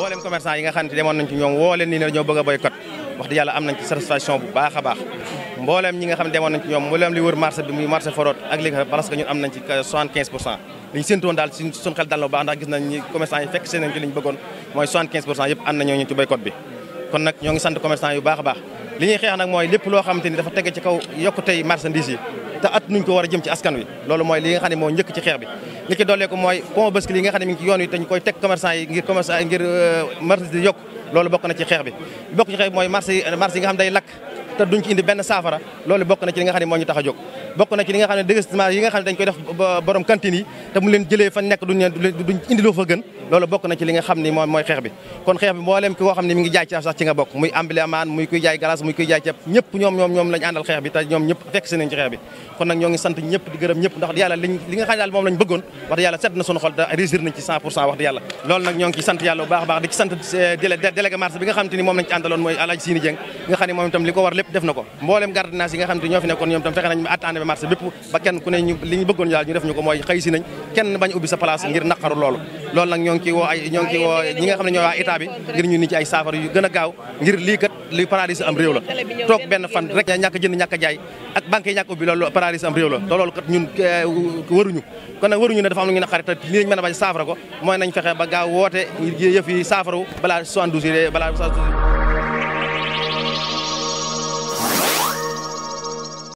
mboolem commerçant yi nga xam ne demoon nañ ci ñoom woo leen ni ñoo bëgg a boycott wax dëgg yàlla am nañ ci satisfaction bu baax a baax mboolem ñi nga xam ne demoon nañ ci ñoom mboolem li wër marché bi muy marché forot ak li nga parce que ñun am ci 75 pour daal na baax ndax gis nañ ni yi fekk seen nañ ci liñ bëggoon mooy 75 pour cent kon nag ñoo ngi sant commerçant yu baax a baax li xeex nag mooy lépp loo xamante ni dafa tege ci kaw yokku te at nuñ ko war a jëm ci askan wi loolu mooy li nga xam ne moo njëkk ci xeex bi li ci doolee ko mooy pont Bosquet li nga xam ne ci yoon wi te koy teg commerçant yi ngir commerçant yi ngir euh, marchandise yokk loolu bokk na ci xeex bi bokk ci xeex bi mooy marché marché yi nga xam day lakk te duñ ci indi benn saafara loolu bokk na ci li nga xam moo ñu a jóg bokk na ci li nga xam ne dañ koy def borom cantine yi te mu leen jëlee fan nekk duñ duñ indi loo fa gën loolu bokk nañ ci li nga xam ni moom lañ li ko war lépp def na ko mboolem garde nga xam te ñoo fi ñoom itam fexe nañ jafe-jafe marché bépp ba kenn ku ne ñu li ñu daal ñu def ñu ko mooy xëy si bañ ubbi sa place ngir naqaru loolu loolu nag ñoo ngi ciy woo ñi nga xam ne ñooy waa état ngir ñu ni ay saafara gën a gaaw ngir lii kat li paradis am réew la toog loolu kat ñun eh, waruñu kon nag waruñu ne dafa am lu ñu naqari te lii lañ mën a bañ saafara ko mooy nañ fexe ba gaaw woote yëf yi saafara balaa 72 balaa